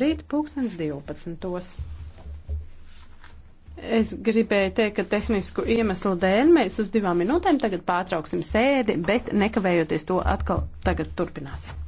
rīt pūkstens 12. Es gribēju teikt, ka tehnisku iemeslu dēļ mēs uz divām minūtēm tagad pārtrauksim sēdi, bet nekavējoties to atkal tagad turpināsim.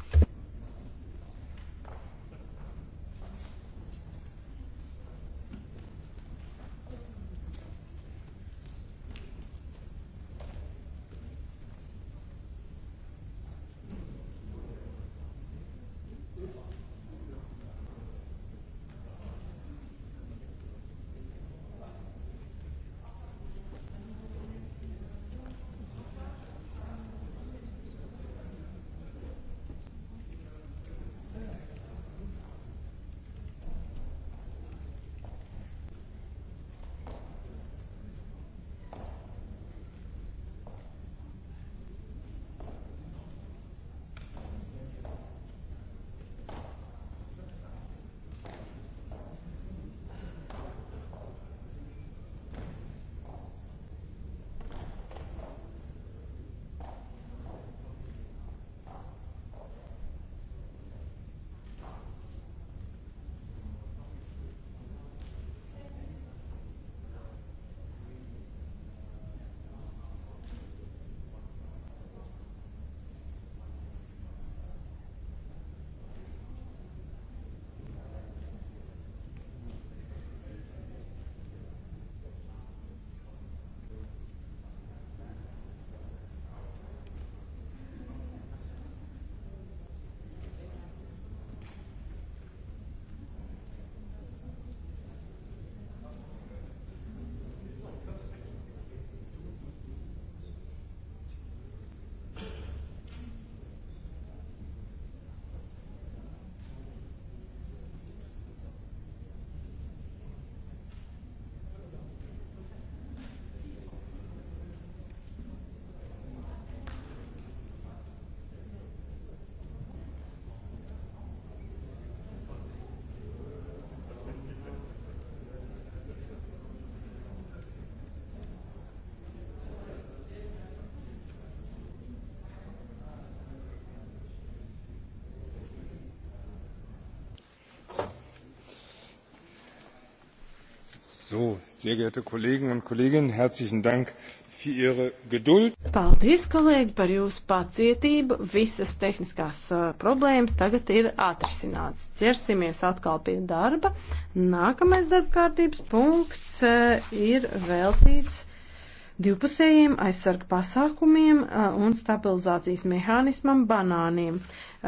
So, sehr geehrte Kollegen und Kolleginnen, herzlichen Dank für Ihre Geduld. Paldies, kolēģi, par jūsu pacietību. Visas tehniskās uh, problēmas tagad ir atrisināts. Ķersimies atkal pie darba. Nākamais darba kārtības punkts uh, ir veltīts divpusējiem aizsarga pasākumiem un stabilizācijas mehānismam banāniem.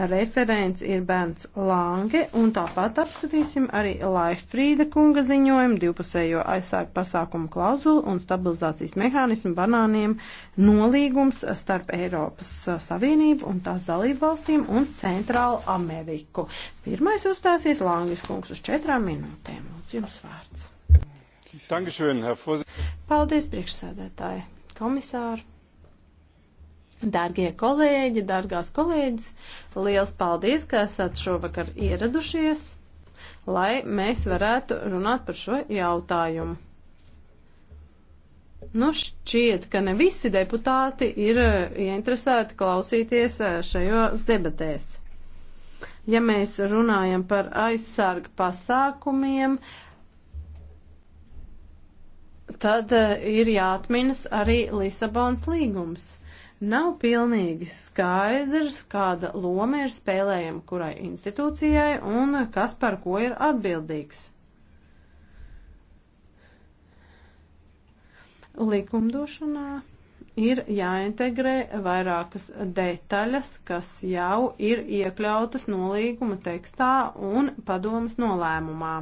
Referents ir Bērns Lange un tāpat apskatīsim arī Laihfrīda kunga ziņojumu divpusējo aizsarga pasākumu klauzulu un stabilizācijas mehānismu banāniem nolīgums starp Eiropas Savienību un tās dalību valstīm un Centrālu Ameriku. Pirmais uzstāsies Langes kungs uz četrām minūtēm. Lūdzu, jums vārds. Dankeschön, Herr Vorsitzender. Paldies, priekšsēdētāji, komisāri! Dārgie kolēģi, dārgās kolēģis, liels paldies, ka esat šovakar ieradušies, lai mēs varētu runāt par šo jautājumu. Nu, šķiet, ka ne visi deputāti ir eh, ieinteresēti klausīties eh, šajos debatēs. Ja mēs runājam par aizsarga pasākumiem, uh, tad eh, ir jāatminas arī Lisabons līgums. Nav pilnīgi skaidrs, kāda loma ir spēlējama kurai institūcijai un kas par ko ir atbildīgs. Likumdošanā ir jāintegrē vairākas detaļas, kas jau ir iekļautas nolīguma tekstā un padomas nolēmumā.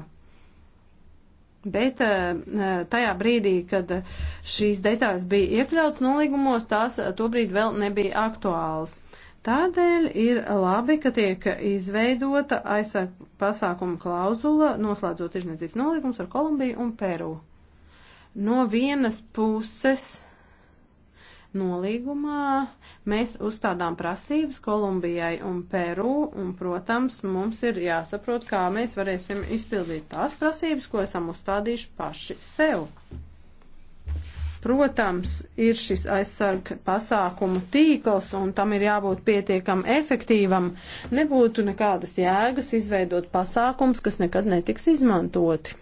Bet eh, eh, tajā brīdī, kad eh, šīs detaļas bija iekļautas nolīgumos, tās tobrīd vēl nebija aktuālas. Tādēļ ir labi, ka tiek izveidota aizsarg pasākuma klauzula, noslēdzot izniecības nolīgums ar Kolumbiju un Peru. No vienas puses nolīgumā mēs uzstādām prasības Kolumbijai un Peru, un, protams, mums ir jāsaprot, kā mēs varēsim izpildīt tās prasības, ko esam uzstādījuši paši sev. Protams, ir šis aizsarga pasākumu tīkls, un tam ir jābūt pietiekam efektīvam. Nebūtu nekādas jēgas izveidot pasākums, kas nekad netiks izmantoti.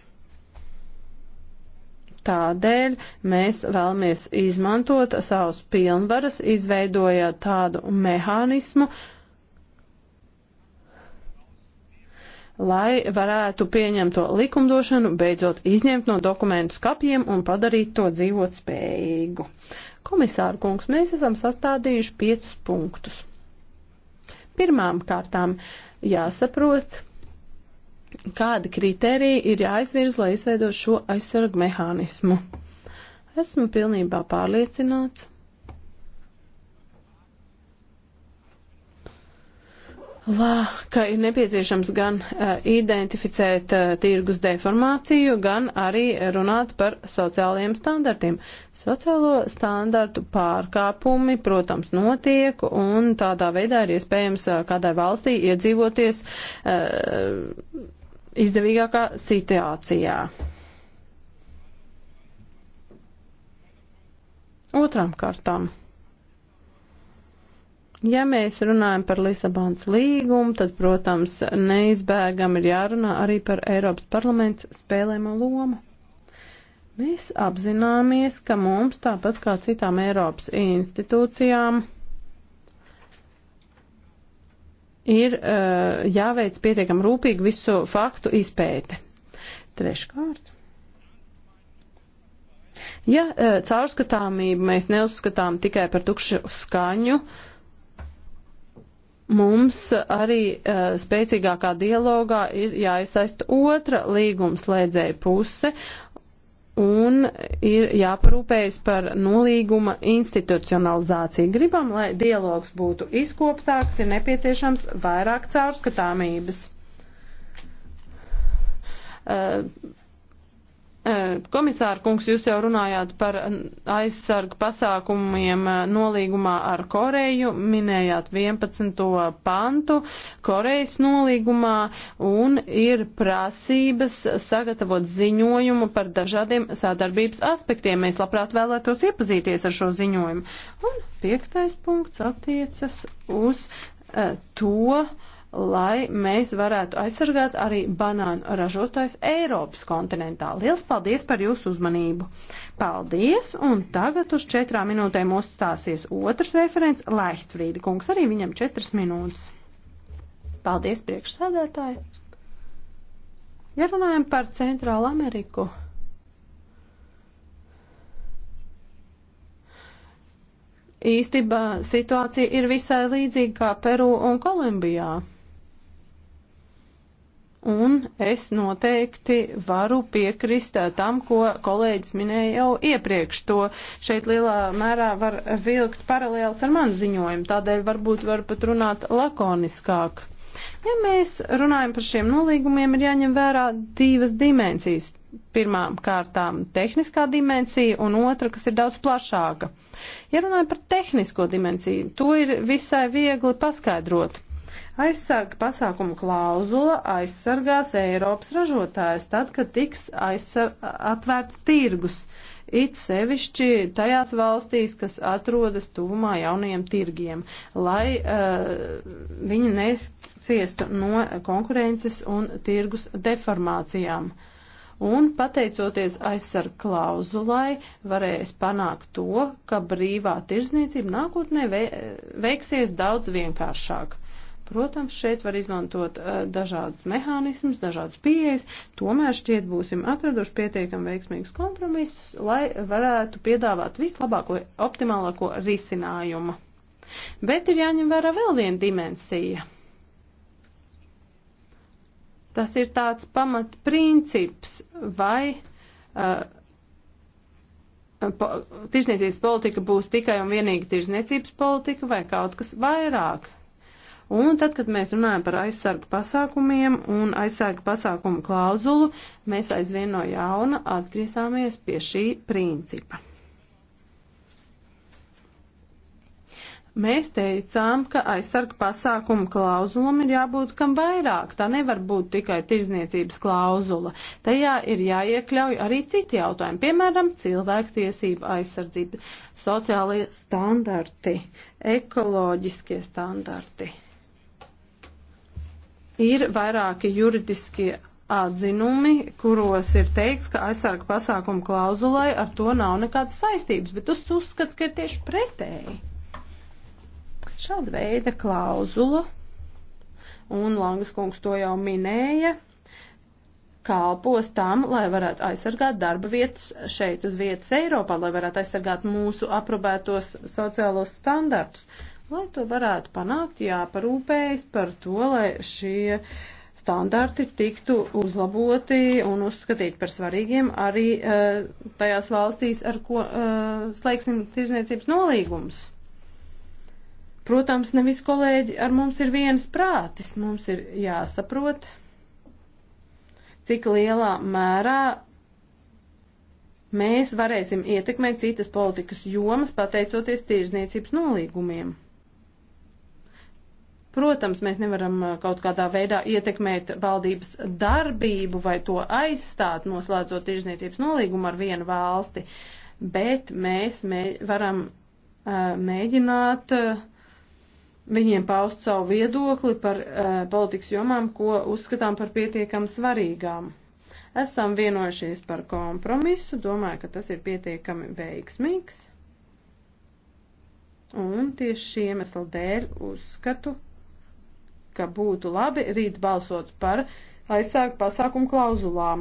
Tādēļ mēs vēlamies izmantot savus pilnvaras, izveidojot tādu mehānismu, lai varētu pieņemto likumdošanu beidzot izņemt no dokumentu skapjiem un padarīt to dzīvot spējīgu. Komisāra kungs, mēs esam sastādījuši piecus punktus. Pirmām kārtām jāsaprot, kādi kriteriji ir jāizvirz, lai izveido šo aizsargu mehānismu. Esmu pilnībā pārliecināts. Lā, ka ir nepieciešams gan uh, identificēt uh, tirgus deformāciju, gan arī runāt par sociālajiem standartiem. Sociālo standartu pārkāpumi, protams, notiek, un tādā veidā ir iespējams uh, kādai valstī iedzīvoties. Uh, izdevīgākā situācijā. Otram kārtām. Ja mēs runājam par Lisabonas līgumu, tad, protams, neizbēgam ir jārunā arī par Eiropas parlamentu spēlēmo lomu. Mēs apzināmies, ka mums, tāpat kā citām Eiropas institūcijām, ir uh, jāveic pietiekam rūpīgi visu faktu izpēte. Treškārt. Ja uh, caurskatāmību mēs neuzskatām tikai par tukšu skaņu, mums arī uh, spēcīgākā dialogā ir jāiesaista otra līgumslēdzēja puse un ir jāparūpējas par nolīguma institucionalizāciju. Gribam, lai dialogs būtu izkoptāks, ir nepieciešams vairāk caurskatāmības. Uh, Komisāra kungs, jūs jau runājāt par aizsargu pasākumiem nolīgumā ar Koreju, minējāt 11. pantu Korejas nolīgumā un ir prasības sagatavot ziņojumu par dažādiem sadarbības aspektiem. Mēs labprāt vēlētos iepazīties ar šo ziņojumu. Un piektais punkts attiecas uz uh, to, uh, lai mēs varētu aizsargāt arī banānu ražotājs Eiropas kontinentā. Liels paldies par jūsu uzmanību! Paldies! Un tagad uz četrām minūtēm uzstāsies otrs referents Leichtfrīda kungs, arī viņam četras minūtes. Paldies priekšsēdētāji! Ja runājam par Centrālu Ameriku, īstībā situācija ir visai līdzīga kā Peru un Kolumbijā un es noteikti varu piekrist eh, tam, ko kolēģis minēja jau iepriekš. To šeit lielā mērā var vilkt paralēls ar manu ziņojumu, tādēļ varbūt var pat runāt lakoniskāk. Ja mēs runājam par šiem nolīgumiem, ir jāņem vērā divas dimensijas. Pirmām kārtām tehniskā dimensija un otra, kas ir daudz plašāka. Ja runājam par tehnisko dimensiju, to ir visai viegli paskaidrot. Aizsarga pasākuma klauzula aizsargās Eiropas ražotājs tad, kad tiks aizsar, atvērts tirgus, it sevišķi tajās valstīs, kas atrodas tuvumā jaunajiem tirgiem, lai uh, viņi neciestu no konkurences un tirgus deformācijām un pateicoties aizsargu klauzulai varēs panākt to, ka brīvā tirzniecība nākotnē veiksies daudz vienkāršāk. Protams, šeit var izmantot uh, eh, dažādus mehānismus, dažādas pieejas, tomēr šķiet būsim atraduši pietiekami veiksmīgus kompromisus, lai varētu piedāvāt vislabāko, optimālāko risinājumu. Bet ir jāņem vērā vēl viena dimensija. Tas ir tāds pamatprincips vai uh, po, tirsniecības politika būs tikai un vienīgi tirsniecības politika vai kaut kas vairāk. Un tad, kad mēs runājam par aizsargu pasākumiem un aizsargu pasākumu klauzulu, mēs aizvien no jauna atgriezāmies pie šī principa. Mēs teicām, ka aizsarga pasākumu klauzulam ir jābūt kam vairāk. Tā nevar būt tikai tirzniecības klauzula. Tajā ir jāiekļauj arī citi jautājumi, piemēram, cilvēktiesība aizsardzība, sociālie standarti, ekoloģiskie standarti. Ir vairāki juridiskie atzinumi, kuros ir teikts, ka aizsarga pasākuma klauzulai ar to nav nekādas saistības, bet es uzskatu, ka ir tieši pretēji. Šāda veida klauzula, un Langas kungs to jau minēja, kalpos tam, lai varētu aizsargāt darba vietas šeit uz vietas Eiropā, lai varētu aizsargāt mūsu aprobētos sociālos standartus. Lai to varētu panākt, jāparūpējas par to, lai šie standarti tiktu uzlaboti un uzskatīti par svarīgiem arī uh, tajās valstīs, ar ko uh, slēgsim tirzniecības nolīgumus. Protams, nevis kolēģi ar mums ir viens prātis, mums ir jāsaprot, cik lielā mērā mēs varēsim ietekmēt citas politikas jomas pateicoties tirzniecības nolīgumiem. Protams, mēs nevaram uh, kaut kādā veidā ietekmēt valdības darbību vai to aizstāt, noslēdzot tirzniecības nolīgumu ar vienu valsti, bet mēs mē varam uh, mēģināt uh, viņiem paust savu viedokli par uh, politikas jomām, ko uzskatām par pietiekam svarīgām. Esam vienojušies par kompromisu, domāju, ka tas ir pietiekami veiksmīgs. Un tieši šī iemesla dēļ uzskatu, ka būtu labi rīt balsot par aizsākt pasākumu klauzulām.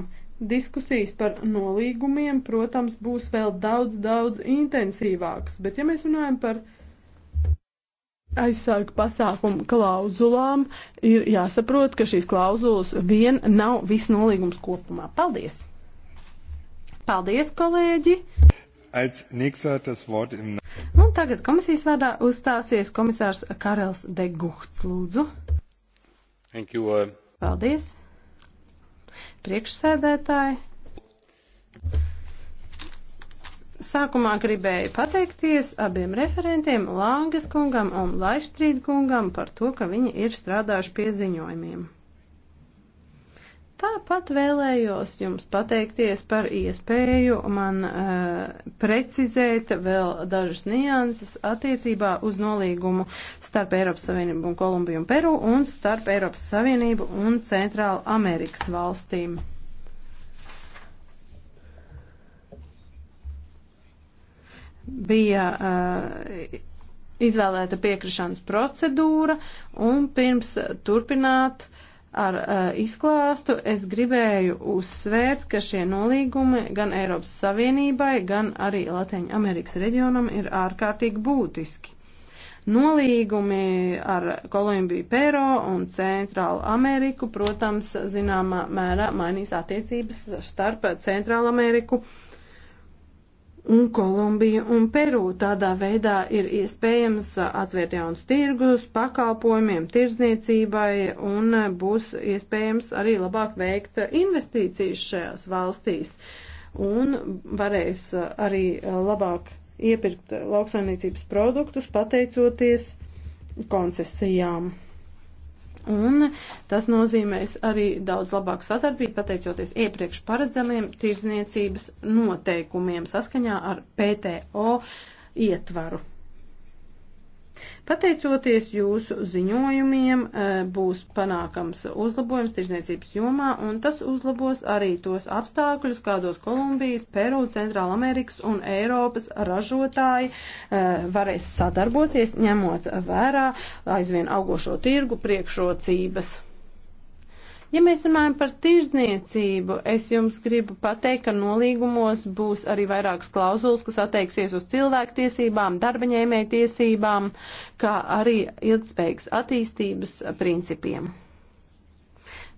Diskusijas par nolīgumiem, protams, būs vēl daudz, daudz intensīvākas, bet ja mēs runājam par aizsargu pasākumu klauzulām, ir jāsaprot, ka šīs klauzulas vien nav viss nolīgums kopumā. Paldies! Paldies, kolēģi! Un tagad komisijas vārdā uzstāsies komisārs Karels Deguhts, lūdzu. Thank you. Uh... Paldies. Priekšsēdētāji. Sākumā gribēju pateikties abiem referentiem, Langas kungam un Laistrīd kungam, par to, ka viņi ir strādājuši pie ziņojumiem. Tāpat vēlējos jums pateikties par iespēju man uh, precizēt vēl dažas nianses attiecībā uz nolīgumu starp Eiropas Savienību un Kolumbiju un Peru un starp Eiropas Savienību un Centrāla Amerikas valstīm. Bija uh, izvēlēta piekrišanas procedūra un pirms turpināt ar uh, izklāstu, es gribēju uzsvērt, ka šie nolīgumi gan Eiropas Savienībai, gan arī Latviju Amerikas reģionam ir ārkārtīgi būtiski. Nolīgumi ar Kolumbiju, Pēro un Centrālu Ameriku, protams, zināmā mērā mainīs attiecības starp Centrālu Ameriku uh, un Kolumbija un Peru. Tādā veidā ir iespējams atvērt jaunus tirgus pakalpojumiem, tirdzniecībai un būs iespējams arī labāk veikt investīcijas šajās valstīs un varēs arī labāk iepirkt lauksaimniecības produktus pateicoties koncesijām un tas nozīmēs arī daudz labāku sadarbību, pateicoties iepriekš paredzamiem tirdzniecības noteikumiem saskaņā ar PTO ietvaru. Pateicoties jūsu ziņojumiem, e, būs panākams uzlabojums tirzniecības jomā, un tas uzlabos arī tos apstākļus, kādos Kolumbijas, Peru, Centrāla Amerikas un Eiropas ražotāji e, varēs sadarboties, ņemot vērā aizvien augošo tirgu priekšrocības. Ja mēs runājam par tirzniecību, es jums gribu pateikt, ka nolīgumos būs arī vairākas klauzulas, kas attieksies uz cilvēktiesībām, darbaņēmēju tiesībām, kā arī ilgspējīgas attīstības principiem.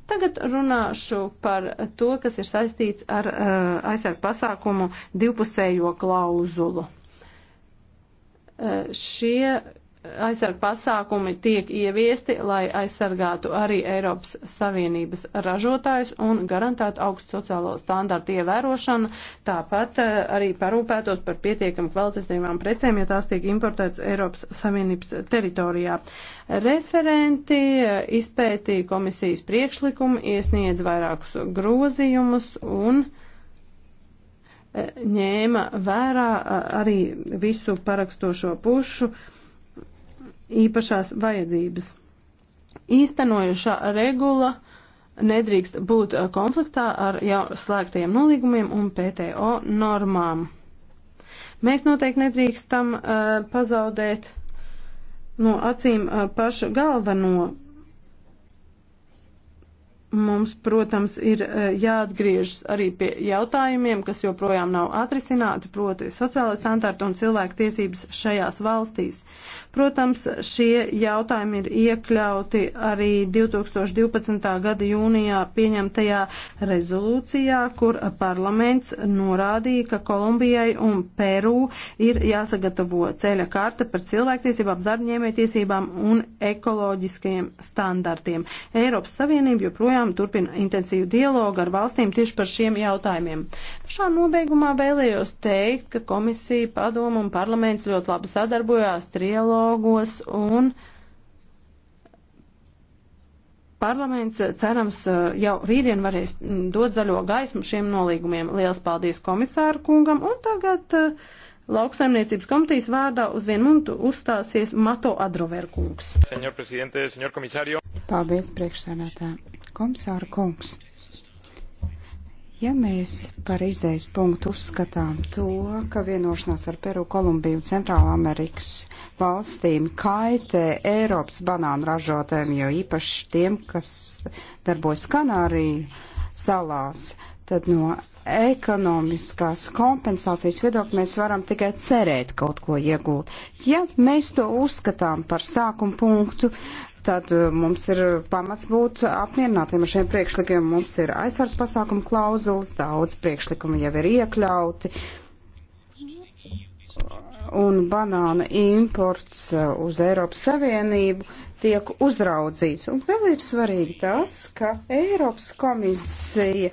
Tagad runāšu par to, kas ir saistīts ar uh, eh, aizsardz pasākumu divpusējo klauzulu. Uh, šie aizsarga pasākumi tiek ieviesti, lai aizsargātu arī Eiropas Savienības ražotājus un garantētu augstu sociālo standartu ievērošanu, tāpat eh, arī parūpētos par pietiekam kvalitatīvām precēm, ja tās tiek importētas Eiropas Savienības teritorijā. Referenti eh, izpētīja komisijas priekšlikumu, iesniedz vairākus grozījumus un eh, ņēma vērā arī visu parakstošo pušu uh, īpašās vajadzības. Īstenojušā regula nedrīkst būt uh, konfliktā ar jau slēgtajiem nolīgumiem un PTO normām. Mēs noteikti nedrīkstam uh, pazaudēt no acīm uh, pašu galveno. Mums, protams, ir uh, jāatgriežas arī pie jautājumiem, kas joprojām nav atrisināti, proti sociālais standārti un cilvēku tiesības šajās valstīs. Protams, šie jautājumi ir iekļauti arī 2012. gada jūnijā pieņemtajā rezolūcijā, kur parlaments norādīja, ka Kolumbijai un Peru ir jāsagatavo ceļa karta par cilvēktiesībām, darbņēmētiesībām un ekoloģiskajiem standartiem. Eiropas Savienība joprojām turpina intensīvu dialogu ar valstīm tieši par šiem jautājumiem. Šā nobeigumā vēlējos teikt, ka komisija, padoma un parlaments ļoti labi sadarbojās trialogu trialogos un parlaments eh, cerams eh, jau rītdien varēs mm, dot zaļo gaismu šiem nolīgumiem. Liels paldies komisāru kungam un tagad eh, lauksaimniecības komitejas vārdā uz vienu minūtu uzstāsies Mato Adroverkungs. Paldies priekšsēdētā. Komisāra kungs. Ja mēs par izējas punktu uzskatām to, ka vienošanās ar Peru, Kolumbiju un Centrālā Amerikas valstīm kaitē Eiropas banānu ražotājiem, jo īpaši tiem, kas darbojas Kanāriju salās, tad no ekonomiskās kompensācijas viedokļa mēs varam tikai cerēt kaut ko iegūt. Ja mēs to uzskatām par sākumu punktu, uh, tad eh, mums ir pamats būt apmierinātiem ar šiem priekšlikumiem. Mums ir aizsardz pasākumu klauzulas, daudz priekšlikumu jau ir iekļauti. Un banāna imports eh, uz Eiropas Savienību tiek uzraudzīts. Un vēl ir svarīgi tas, ka Eiropas komisija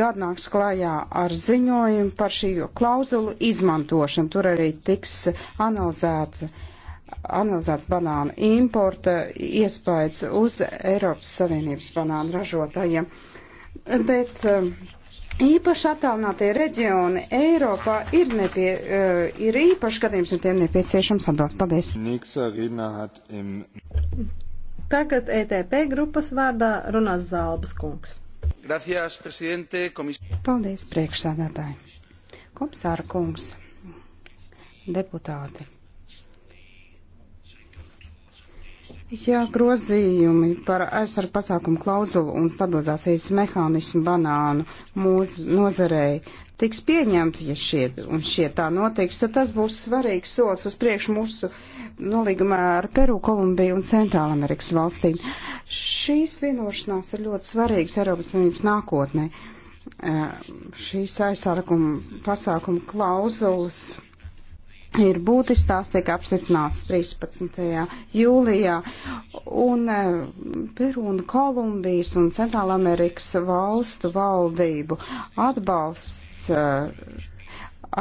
gadnāks klājā ar ziņojumu par šī klauzulu izmantošanu. Tur arī tiks analizēta uh, analizēts banānu importa iespējas uz Eiropas Savienības banānu ražotājiem. Bet um, īpaši attālinātie reģioni Eiropā ir, nepie, uh, ir īpaši gadījums, un tiem nepieciešams atbalsts. Paldies! Tagad ETP grupas vārdā runās Zālbas kungs. Gracias, komis... Paldies, priekšsādātāji! Komisāra kungs, deputāti! Ja grozījumi par aizsardz pasākumu klauzulu un stabilizācijas mehānismu banānu mūsu nozarei tiks pieņemti, ja šie, un šie tā notiks, tad tas būs svarīgs solis uz priekšu mūsu nolīgumā ar Peru, Kolumbiju un Centrālamerikas valstīm. Šīs vienošanās ir ļoti svarīgas Eiropas Savienības nākotnē. Eh, šīs aizsarguma pasākuma klauzulas ir būtisks, tās tiek apstiprināts 13. jūlijā. Un e, Peru un Kolumbijas un Centrālamerikas valstu valdību atbalsts e,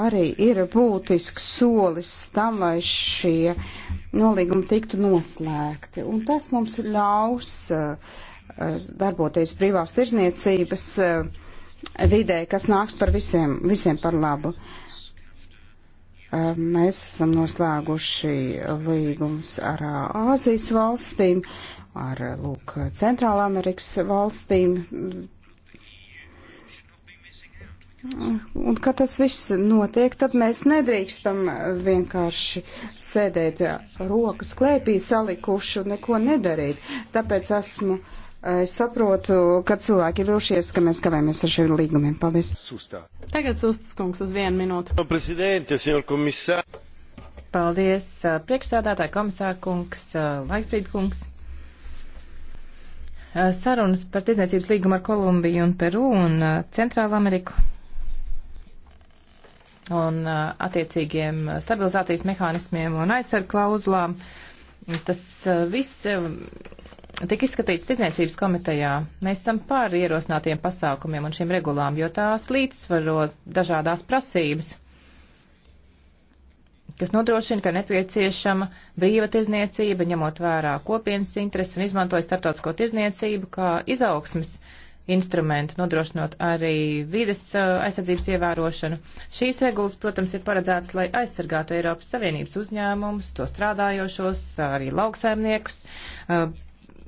arī ir būtisks solis tam, lai šie nolīgumi tiktu noslēgti. Un tas mums ļaus e, darboties brīvās tirzniecības vidē, kas nāks par visiem, visiem par labu. Uh, Mēs esam noslēguši līgums ar Āzijas valstīm, ar Lūk, Centrāla Amerikas valstīm. Un, kad tas viss notiek, tad mēs nedrīkstam vienkārši sēdēt rokas klēpī salikuši un neko nedarīt. Tāpēc esmu uh, Es saprotu, ka cilvēki ir vilšies, ka mēs kavējamies ar šiem līgumiem. Paldies. Sustā. Tagad sustas kungs uz vienu minūtu. Paldies, priekšsādātāji komisāra kungs, Laikfrīd kungs. Sarunas par tirdzniecības līgumu ar Kolumbiju un Peru un Centrālu Ameriku un attiecīgiem stabilizācijas mehānismiem un aizsargu klauzulām. Tas viss tika izskatīts tirdzniecības komitejā. Mēs esam par ierosinātiem pasākumiem un šīm regulām, jo tās līdzsvaro dažādās prasības, kas nodrošina, ka nepieciešama brīva tirdzniecība, ņemot vērā kopienas intereses un izmantoja starptautisko tirdzniecību kā izaugsmes instrumentu, nodrošinot arī vides uh, aizsardzības ievērošanu. Šīs regulas, protams, ir paredzētas, lai aizsargātu Eiropas Savienības uzņēmumus, to strādājošos, arī lauksaimniekus, uh,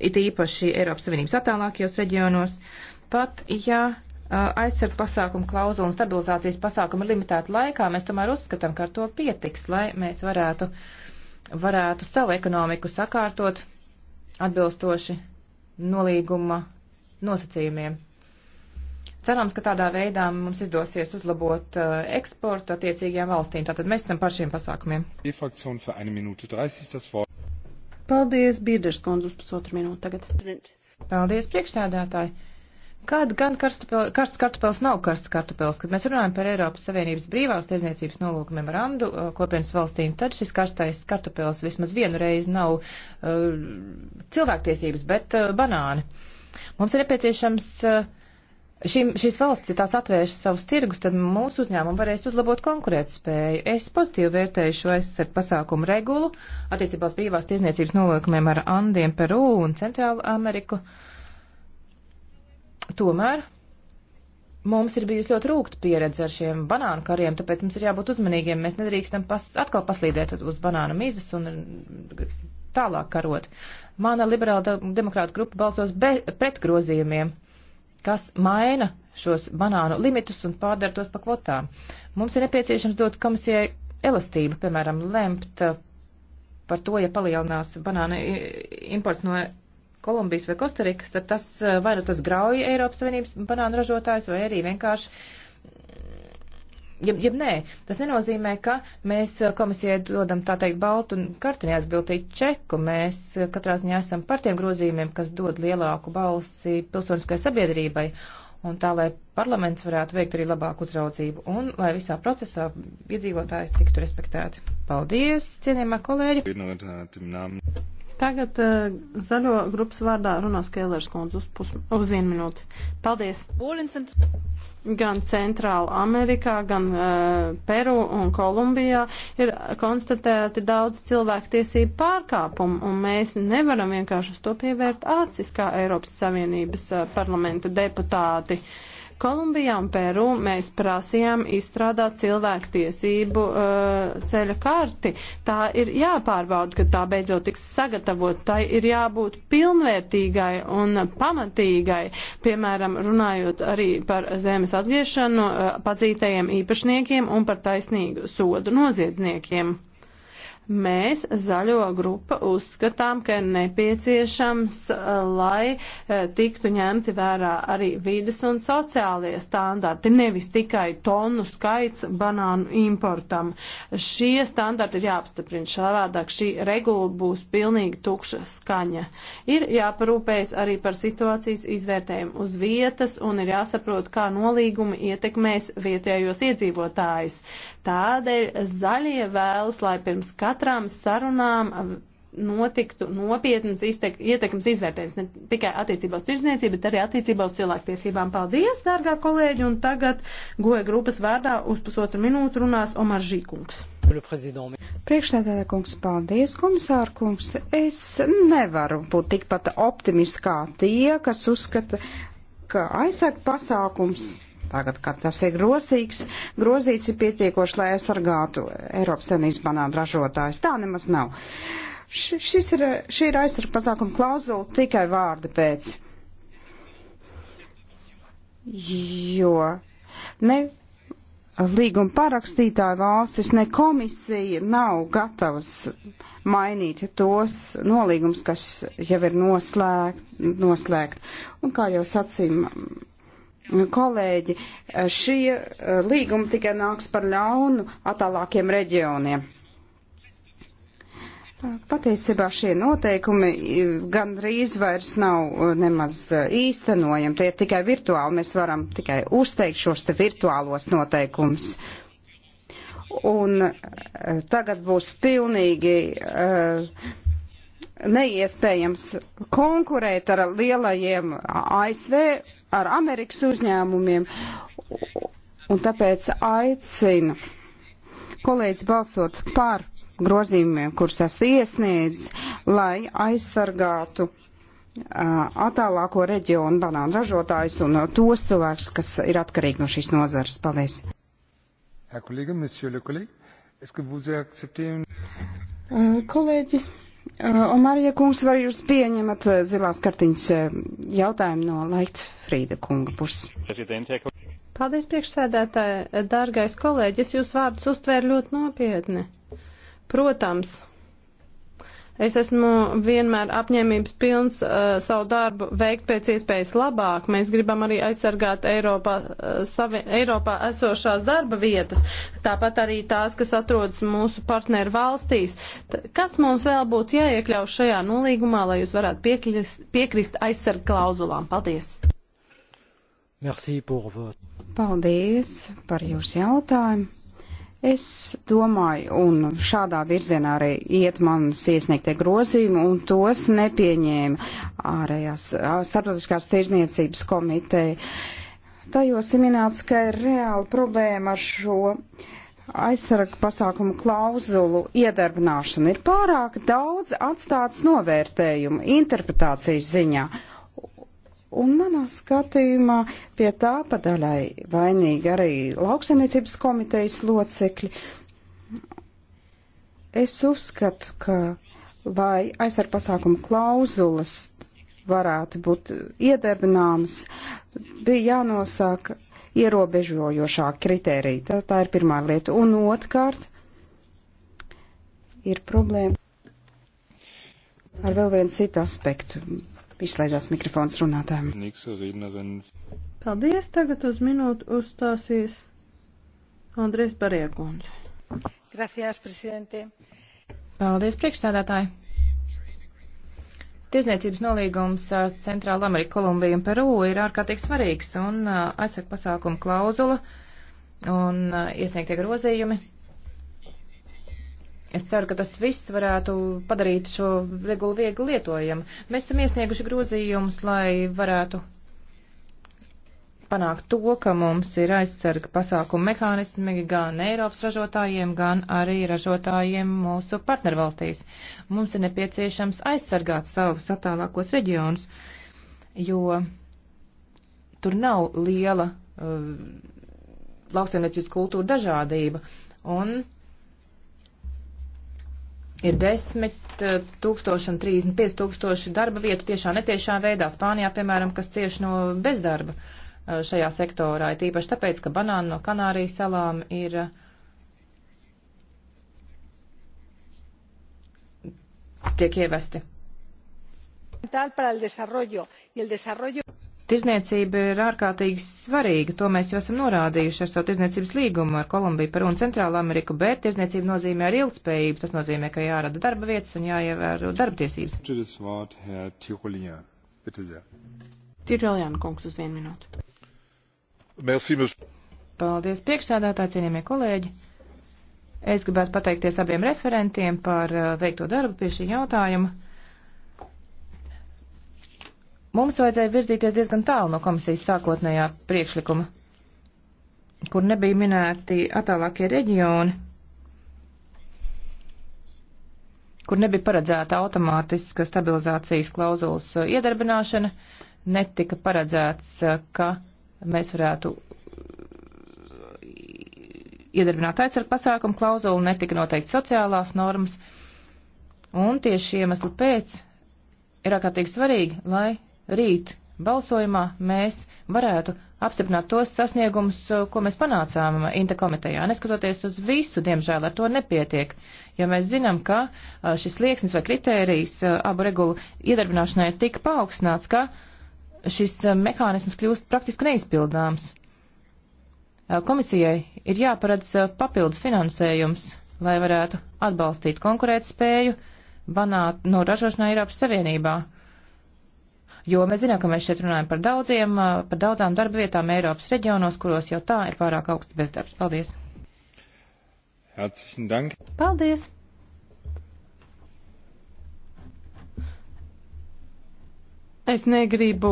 it īpaši Eiropas Savienības attālākajos reģionos, pat ja aizsardz pasākumu klauzulu un stabilizācijas pasākumu ir limitēta laikā, mēs tomēr uzskatām, ka ar to pietiks, lai mēs varētu, varētu savu ekonomiku sakārtot atbilstoši nolīguma nosacījumiem. Cerams, ka tādā veidā mums izdosies uzlabot uh, eksportu attiecīgajām valstīm. Tātad mēs esam par šiem pasākumiem. Paldies, Biedrs kundze, uz pusotru minūtu tagad. Paldies, priekšsēdētāji. Kāda gan karsts kartupēls nav karsts kartupēls? Kad mēs runājam par Eiropas Savienības brīvās tiesniecības nolūku memorandu uh, kopienas valstīm, tad šis karstais kartupēls vismaz vienu reizi nav uh, cilvēktiesības, bet uh, banāni. Mums ir nepieciešams uh, šim, šīs valsts, ja tās atvērš savus tirgus, tad mūsu uzņēmumi varēs uzlabot konkurētspēju. Es pozitīvi vērtēju šo aizsardz pasākumu regulu attiecībā uz brīvās tiesniecības noliekumiem ar Andiem, Peru un Centrālu Ameriku. Tomēr mums ir bijusi ļoti rūkta pieredze ar šiem banānu kariem, tāpēc mums ir jābūt uzmanīgiem. Mēs nedrīkstam pas, atkal paslīdēt uz banānu mizas un tālāk karot. Mana liberāla demokrāta grupa balsos be, pret grozījumiem kas maina šos banānu limitus un pārdara tos pa kvotām. Mums ir nepieciešams dot komisijai elastību, piemēram, lemt uh, par to, ja palielinās banānu imports no Kolumbijas vai Kostarikas, tad tas uh, vai nu tas grauja Eiropas Savienības banānu ražotājs, vai arī vienkārši jeb, jeb nē, tas nenozīmē, ka mēs eh, komisijai dodam tā teikt baltu kartiņu aizbildīt čeku. Mēs eh, katrā ziņā esam par tiem grozījumiem, kas dod lielāku balsi pilsoniskai sabiedrībai. Un tā, lai parlaments varētu veikt arī labāku uzraudzību un lai visā procesā iedzīvotāji tiktu respektēti. Paldies, cienījumā kolēģi! Tagad uh, zaļo grupas vārdā runās Kēlērs kundze uz, pus, uz vienu minūti. Paldies! Gan Centrāla Amerikā, gan uh, Peru un Kolumbijā ir konstatēti daudz cilvēku tiesību pārkāpumu, un mēs nevaram vienkārši uz to pievērt acis kā Eiropas Savienības uh, parlamenta deputāti. Uh, Kolumbijā un Peru mēs prasījām izstrādāt cilvēktiesību uh, ceļa karti. Tā ir jāpārbauda, ka tā beidzot tiks sagatavot. Tai ir jābūt pilnvērtīgai un pamatīgai. Piemēram, runājot arī par zemes atgriešanu uh, padzītajiem īpašniekiem un par taisnīgu sodu noziedzniekiem. Mēs, zaļo grupa, uzskatām, ka ir nepieciešams, eh, lai eh, tiktu ņemti vērā arī vides un sociālie standarti, nevis tikai tonu skaits banānu importam. Šie standarti ir jāapstiprina, šādāk šī regula būs pilnīgi tukša skaņa. Ir jāparūpējas arī par situācijas izvērtējumu uz vietas un ir jāsaprot, kā nolīgumi ietekmēs vietējos iedzīvotājus. Tādēļ zaļie vēlas, lai pirms katrām sarunām notiktu nopietnas ietekmes izvērtējums ne tikai attiecībā uz tirzniecību, bet arī attiecībā uz cilvēktiesībām. Paldies, dārgā kolēģi, un tagad goja grupas vārdā uz pusotru minūtu runās Omar Žīkungs. Priekšstādāja kungs, paldies, komisāra kungs. Es nevaru būt tikpat optimist kā tie, kas uzskata, ka aizsardzības pasākums tagad, kad tas ir grosīgs, grozīts ir pietiekoši, lai aizsargātu Eiropas senīs banānu ražotājus. Tā nemaz nav. Š, šis ir, šī ir aizsarga pasākuma klauzula tikai vārda pēc. Jo ne līguma parakstītāja valstis, ne komisija nav gatavas mainīt tos nolīgums, kas jau ir noslēgt. noslēgt. Un kā jau sacīja kolēģi, šie e, līgumi tikai nāks par ļaunu attālākiem reģioniem. Patiesībā šie noteikumi e, gandrīz vairs nav e, nemaz īstenojami, tie ir tikai virtuāli, mēs varam tikai uzteikt šos te virtuālos noteikumus. Un tagad būs pilnīgi uh, neiespējams konkurēt ar lielajiem ASV ar Amerikas uzņēmumiem, un tāpēc aicinu kolēģis balsot par grozījumiem, kurus esmu iesniedzis, lai aizsargātu attālāko reģionu banānu ražotājus un tos cilvēkus, kas ir atkarīgi no šīs nozares. Paldies! Herr Kollege, Monsieur le Kollege, est-ce que vous acceptez une... Uh, kolēģi, Uh, un, Marija kungs, vai jūs pieņemat uh, zilās kartiņas uh, jautājumu no Laits Frīda kunga puses? Paldies, priekšsēdētāji. Dārgais kolēģis, jūs vārdus uztvēr ļoti nopietni. Protams, Es esmu vienmēr apņēmības pilns uh, savu darbu veikt pēc iespējas labāk. Mēs gribam arī aizsargāt Eiropā, uh, savi, Eiropā esošās darba vietas, tāpat arī tās, kas atrodas mūsu partneru valstīs. T kas mums vēl būtu jāiekļauj šajā nolīgumā, lai jūs varētu piekrist, piekrist aizsarg klauzulām? Paldies! Merci pour votre. Paldies par jūsu jautājumu. Es domāju, un šādā virzienā arī iet manas iesniegtie grozījumi, un tos nepieņēma ārējās starptautiskās tirzniecības komiteja. Tajos ir minēts, ka ir reāla problēma ar šo aizsargu pasākumu klauzulu iedarbināšanu. Ir pārāk daudz atstāts novērtējumu interpretācijas ziņā, Un manā skatījumā pie tā padaļai vainīgi arī lauksainiecības komitejas locekļi. Es uzskatu, ka vai aizsarpasākuma klauzulas varētu būt iedarbināmas, bija jānosaka ierobežojošā kritērija. Tā, tā ir pirmā lieta. Un otrkārt ir problēma ar vēl vienu citu aspektu. Izslēdzās mikrofons runātājiem. Paldies, tagad uz minūtu uzstāsies Andrēs Bariekunds. Gracias, prezidente. Paldies, priekšstādātāji. Tirzniecības nolīgums ar Centrālu Ameriku, Kolumbiju un Peru ir ārkārtīgi svarīgs un uh, aizsaka pasākumu klauzula un uh, iesniegtie grozījumi Es ceru, ka tas viss varētu padarīt šo regulu viegli lietojumu. Mēs esam iesnieguši grozījumus, lai varētu panākt to, ka mums ir aizsarga pasākuma mehānismi gan Eiropas ražotājiem, gan arī ražotājiem mūsu partnervalstīs. Mums ir nepieciešams aizsargāt savus attālākos reģionus, jo tur nav liela uh, lauksaimniecības kultūra dažādība. Un ir 10 eh, tūkstoši un 35 tūkstoši darba vietu tiešā netiešā veidā Spānijā, piemēram, kas cieši no bezdarba eh, šajā sektorā. Ir tīpaši tāpēc, ka banāni no Kanārijas salām ir eh, tiek ievesti. Tirzniecība ir ārkārtīgi svarīga, to mēs jau esam norādījuši ar savu tirzniecības līgumu ar Kolumbiju, Peru un Centrālā Ameriku, bet tirzniecība nozīmē arī ilgspējību, tas nozīmē, ka jārada darba vietas un jāievēro darbtiesības. Tirolian kungs uz vienu minūtu. Merci, Paldies priekšsādātāji, cienījamie kolēģi. Es gribētu pateikties abiem referentiem par uh, veikto darbu pie šī jautājuma. Mums vajadzēja virzīties diezgan tālu no komisijas sākotnējā priekšlikuma, kur nebija minēti attālākie reģioni, kur nebija paredzēta automātiska stabilizācijas klauzulas uh, iedarbināšana, netika paredzēts, uh, ka mēs varētu uh, iedarbināt aizsardz pasākumu klauzulu, netika noteikti sociālās normas. Un tieši iemeslu pēc ir ārkārtīgi svarīgi, lai rīt balsojumā mēs varētu apstiprināt tos sasniegumus, uh, ko mēs panācām Inta komitejā. Neskatoties uz visu, diemžēl ar to nepietiek, jo mēs zinām, ka uh, šis lieksnis vai kritērijs uh, abu regulu iedarbināšanai ir tik paaugstināts, ka šis mehānisms kļūst praktiski neizpildāms. Komisijai ir jāparedz papildus finansējums, lai varētu atbalstīt konkurētspēju banāt no ražošanā Eiropas Savienībā jo mēs zinām, ka mēs šeit runājam par daudziem, par daudzām darba vietām Eiropas reģionos, kuros jau tā ir pārāk augsts bezdarbs. Paldies! Herzlichen Dank! Paldies! Es negribu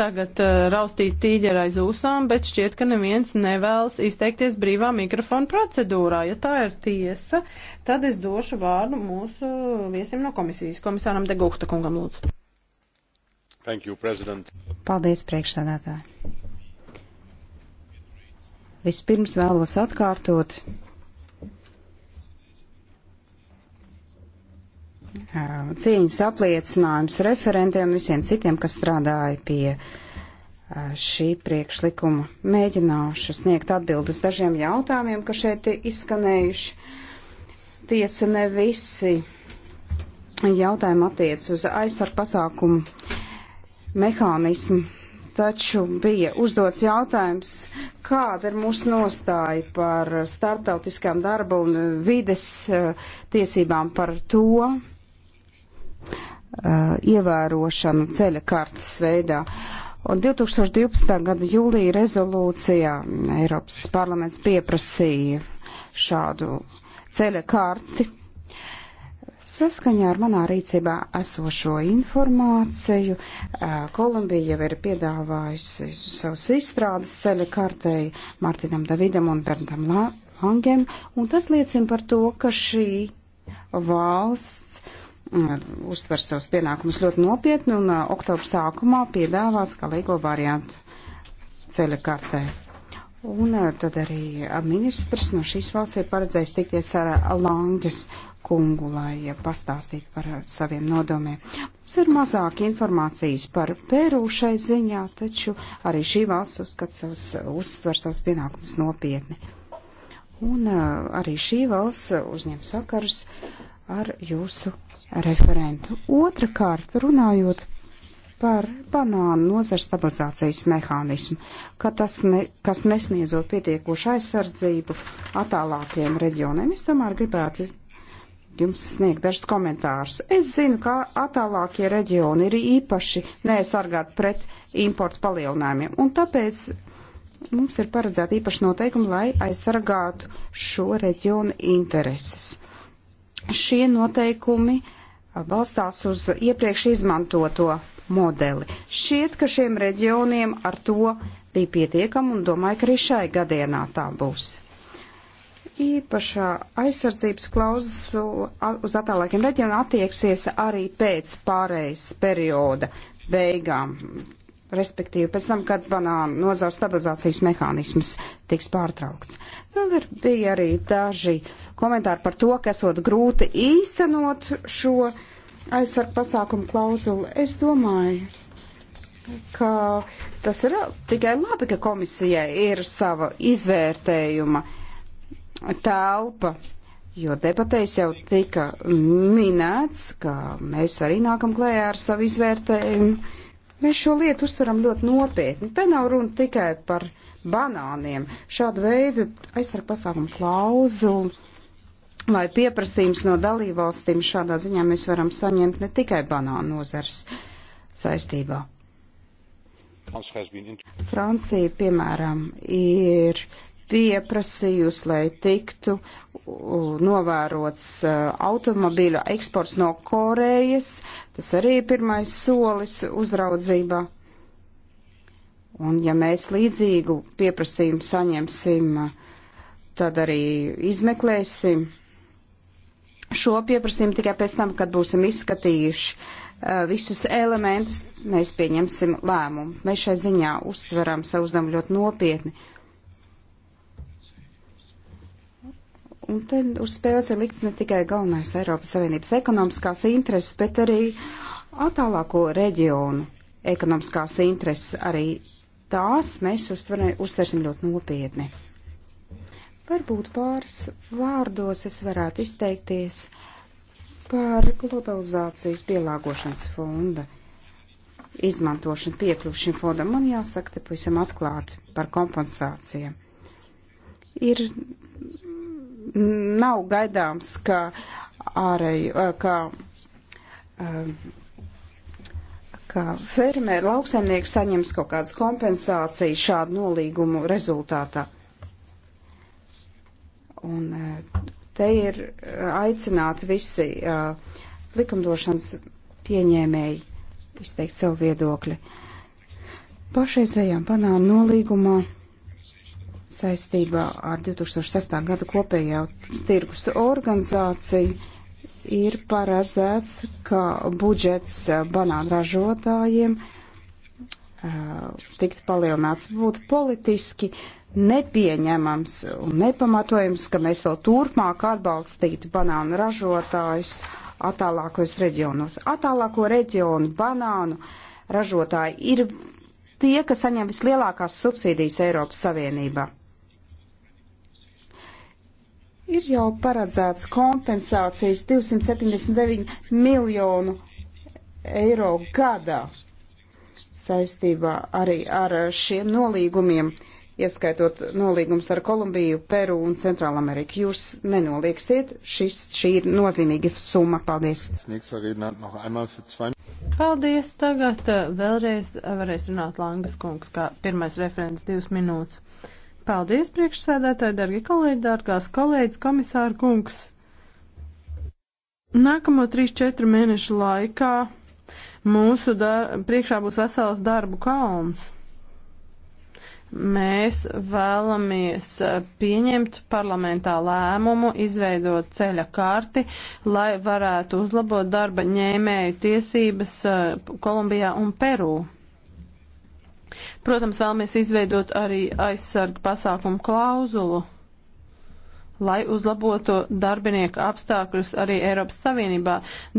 tagad uh, raustīt tīģeri aiz ūsām, bet šķiet, ka neviens nevēlas izteikties brīvā mikrofona procedūrā. Ja tā ir tiesa, tad es došu vārdu mūsu viesim no komisijas, komisāram Degūhta kungam lūdzu. You, Paldies, priekšsēdētāji. Vispirms vēlos atkārtot cīņas apliecinājums referentiem un visiem citiem, kas strādāja pie šī priekšlikuma. Mēģināšu sniegt atbildus dažiem jautājumiem, kas šeit izskanējuši. Tiesa ne visi jautājumi attiec uz aizsargu pasākumu mehānismu. Taču bija uzdots jautājums, kāda ir mūsu nostāja par starptautiskām darba un vides eh, tiesībām par to eh, ievērošanu ceļa kartas veidā. Un 2012. gada jūlija rezolūcijā Eiropas parlaments pieprasīja šādu ceļa karti Saskaņā ar manā rīcībā esošo informāciju, Kolumbija jau ir piedāvājusi savus izstrādes ceļa kartei Martinam Davidam un Bernardam Langem, un tas liecina par to, ka šī valsts uztver savus pienākumus ļoti nopietni un oktobra sākumā piedāvās galīgo variantu ceļa kartē. Un tad arī ministrs no šīs valsts ir paredzējis tikties ar Langas kungu, lai pastāstītu par saviem nodomiem. Mums ir mazāk informācijas par Peru šai ziņā, taču arī šī valsts uzskat savus, uztver savus pienākumus nopietni. Un uh, arī šī valsts uzņem sakars ar jūsu referentu. Otrakārt, runājot par banānu nozars stabilizācijas mehānismu, ka tas ne, kas nesniedzot pietiekošu aizsardzību attālākiem reģioniem. Es tomēr gribētu jums sniegt dažs komentārs. Es zinu, ka attālākie reģioni ir īpaši neaizsargāti pret importu palielinājumiem, un tāpēc mums ir paredzēta īpaša noteikuma, lai aizsargātu šo reģionu intereses. Šie noteikumi balstās uz iepriekš izmantoto modeli. Šķiet, ka šiem reģioniem ar to bija pietiekami un domāju, ka arī šai gadienā tā būs īpašā aizsardzības klauzula uz attālākiem reģioniem attieksies arī pēc pārejas perioda beigām, respektīvi pēc tam, kad banāna nozars stabilizācijas mehānisms tiks pārtraukts. Vēl ir bija arī daži komentāri par to, ka esot grūti īstenot šo aizsardz pasākumu klauzulu. Es domāju, ka tas ir tikai labi, ka komisijai ir sava izvērtējuma telpa. Jo debatēs jau tika minēts, ka mēs arī nākam klējā ar savu izvērtējumu. Mēs šo lietu uztveram ļoti nopietni. Te nav runa tikai par banāniem. Šāda veida aizsarga pasākuma klauzulu vai pieprasījums no dalībvalstīm šādā ziņā mēs varam saņemt ne tikai banānu nozars saistībā. Francija, piemēram, ir pieprasījusi, lai tiktu novērots e, automobīļu eksports no Korejas. Tas arī ir pirmais solis uzraudzībā. Un ja mēs līdzīgu pieprasījumu saņemsim, e, tad arī izmeklēsim šo pieprasījumu tikai pēc tam, kad būsim izskatījuši e, visus elementus, mēs pieņemsim lēmumu. Mēs šai ziņā uztveram savu uzdevumu ļoti nopietni. Un te uz spēles ir likts ne tikai galvenais Eiropas Savienības ekonomiskās intereses, bet arī attālāko reģionu ekonomiskās intereses. Arī tās mēs uztversim ļoti nopietni. Varbūt pāris vārdos es varētu izteikties par globalizācijas pielāgošanas fonda izmantošanu piekļuvu šim fondam. Man jāsaka te pavisam atklāti par kompensācijām. Ir nav gaidāms, ka ārēji, eh, ka, eh, ka fermēri lauksaimnieki saņems kaut kādas kompensācijas šādu nolīgumu rezultātā. Un eh, te ir aicināti visi uh, likumdošanas pieņēmēji izteikt savu viedokli. Pašreizējām panām nolīgumā saistībā ar 2006. gada kopējā tirgus organizāciju ir paredzēts, ka budžets banānu ražotājiem tikt palielināts būtu politiski nepieņemams un nepamatojams, ka mēs vēl turpmāk atbalstītu banānu ražotājus attālākos reģionos. Attālāko reģionu banānu ražotāji ir tie, kas saņem vislielākās subsīdijas Eiropas Savienībā ir jau paredzēts kompensācijas 279 miljonu eiro gadā saistībā arī ar šiem nolīgumiem, ieskaitot nolīgums ar Kolumbiju, Peru un Centrālu Ameriku. Jūs nenolieksiet, šis, šī ir nozīmīga summa. Paldies! Paldies! Tagad eh, vēlreiz varēs runāt Langas kungs, kā pirmais referents divas minūtes. Paldies, priekšsēdētāji, dargi kolēģi, dārgās kolēģis, komisāra kungs. Nākamo 3-4 mēnešu laikā mūsu dar priekšā būs vesels darbu kalns. Mēs vēlamies pieņemt parlamentā lēmumu, izveidot ceļa karti, lai varētu uzlabot darba ņēmēju tiesības eh, Kolumbijā un Peru. Protams, vēlamies izveidot arī aizsargu pasākumu klauzulu, lai uzlabotu darbinieku apstākļus arī Eiropas Savienībā.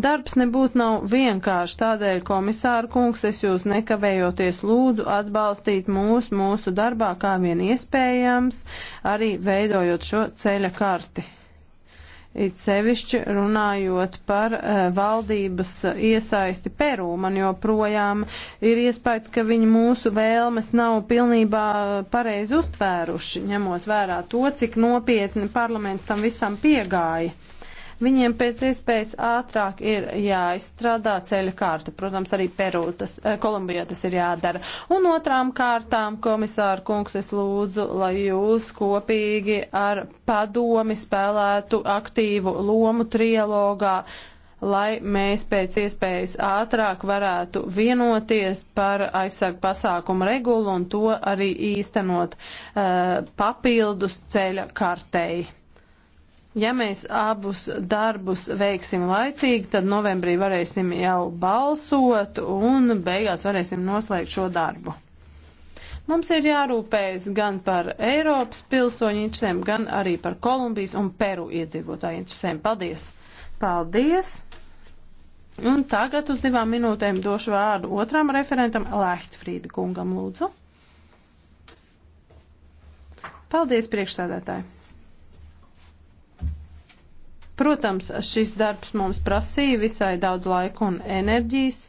Darbs nebūtu nav vienkārši, tādēļ, komisāra kungs, es jūs nekavējoties lūdzu atbalstīt mūs mūsu darbā kā vien iespējams, arī veidojot šo ceļa karti. It sevišķi runājot par uh, valdības eh, iesaisti Peru, man joprojām ir iespējas, ka viņi mūsu vēlmes nav pilnībā eh, pareizi uztvēruši, ņemot vērā to, cik nopietni parlaments tam visam piegāja. Viņiem pēc iespējas ātrāk ir jāizstrādā ceļa kārta. Protams, arī Peru, tas, eh, Kolumbijā tas ir jādara. Un otrām kārtām, komisāra kungs, es lūdzu, lai jūs kopīgi ar padomi spēlētu aktīvu lomu trialogā lai mēs pēc iespējas ātrāk varētu vienoties par aizsargu pasākumu regulu un to arī īstenot uh, papildus ceļa kartei. Ja mēs abus darbus veiksim laicīgi, tad novembrī varēsim jau balsot un beigās varēsim noslēgt šo darbu. Mums ir jārūpējas gan par Eiropas pilsoņu interesēm, gan arī par Kolumbijas un Peru iedzīvotāju interesēm. Paldies! Paldies! Un tagad uz divām minūtēm došu vārdu otram referentam Lehtfrīda kungam lūdzu. Paldies priekšsēdētāji! Protams, šis darbs mums prasīja visai daudz laika un enerģijas.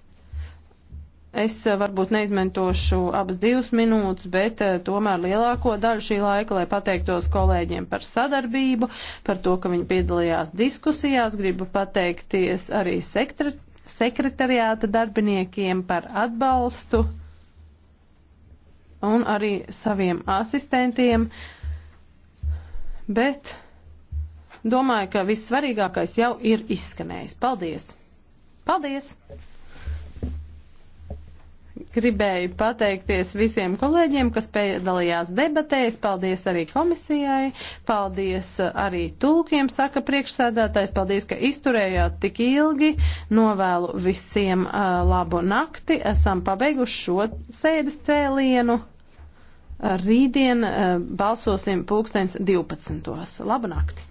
Es eh, varbūt neizmantošu abas divas minūtes, bet eh, tomēr lielāko daļu šī laika, lai pateiktos kolēģiem par sadarbību, par to, ka viņi piedalījās diskusijās. Gribu pateikties arī sekre, sekretariāta darbiniekiem par atbalstu un arī saviem asistentiem. Bet Domāju, ka vissvarīgākais jau ir izskanējis. Paldies! Paldies! Gribēju pateikties visiem kolēģiem, kas piedalījās debatēs. Paldies arī komisijai, paldies arī tulkiem, saka priekšsēdētājs. Paldies, ka izturējāt tik ilgi. Novēlu visiem uh, labu nakti. Esam pabeiguši šo sēdes cēlienu. Rītdien uh, balsosim pulkstens 12. Labu nakti!